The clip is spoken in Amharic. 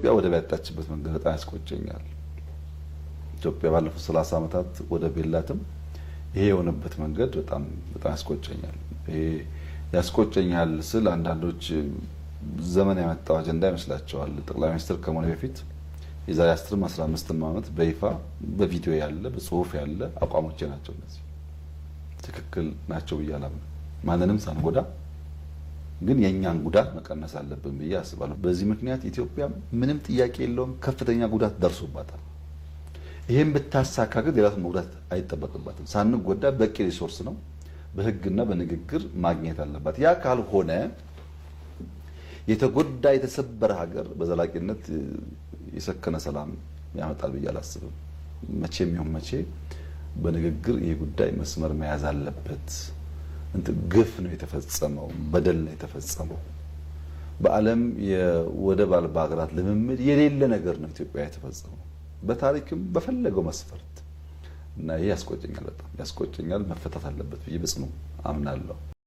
ኢትዮጵያ ወደ ባያጣችበት መንገድ በጣም ያስቆጨኛል። ኢትዮጵያ ባለፉት 30 ዓመታት ወደብ የላትም። ይሄ የሆነበት መንገድ በጣም በጣም ያስቆጨኛል። ይሄ ያስቆጨኛል ስል አንዳንዶች ዘመን ያመጣው አጀንዳ ይመስላቸዋል። ጠቅላይ ሚኒስትር ከመሆነ በፊት የዛሬ 10 15 ዓመት በይፋ በቪዲዮ ያለ በጽሁፍ ያለ አቋሞቼ ናቸው። እነዚህ ትክክል ናቸው ብዬ አላምንም። ማንንም ሳንጎዳ ግን የእኛን ጉዳት መቀነስ አለብን ብዬ አስባለሁ። በዚህ ምክንያት ኢትዮጵያ ምንም ጥያቄ የለውም ከፍተኛ ጉዳት ደርሶባታል። ይህም ብታሳካ ግን የራሱን መጉዳት አይጠበቅባትም። ሳንጎዳ በቂ ሪሶርስ ነው በህግና በንግግር ማግኘት አለባት። ያ ካልሆነ የተጎዳ የተሰበረ ሀገር በዘላቂነት የሰከነ ሰላም ያመጣል ብዬ አላስብም። መቼም ይሁን መቼ በንግግር ይህ ጉዳይ መስመር መያዝ አለበት። ግፍ ነው የተፈጸመው፣ በደል ነው የተፈጸመው። በዓለም የወደብ አልባ ሀገራት ልምምድ የሌለ ነገር ነው ኢትዮጵያ የተፈጸመው በታሪክም በፈለገው መስፈርት እና ይህ ያስቆጨኛል፣ በጣም ያስቆጨኛል። መፈታት አለበት ብዬ በጽኑ አምናለሁ።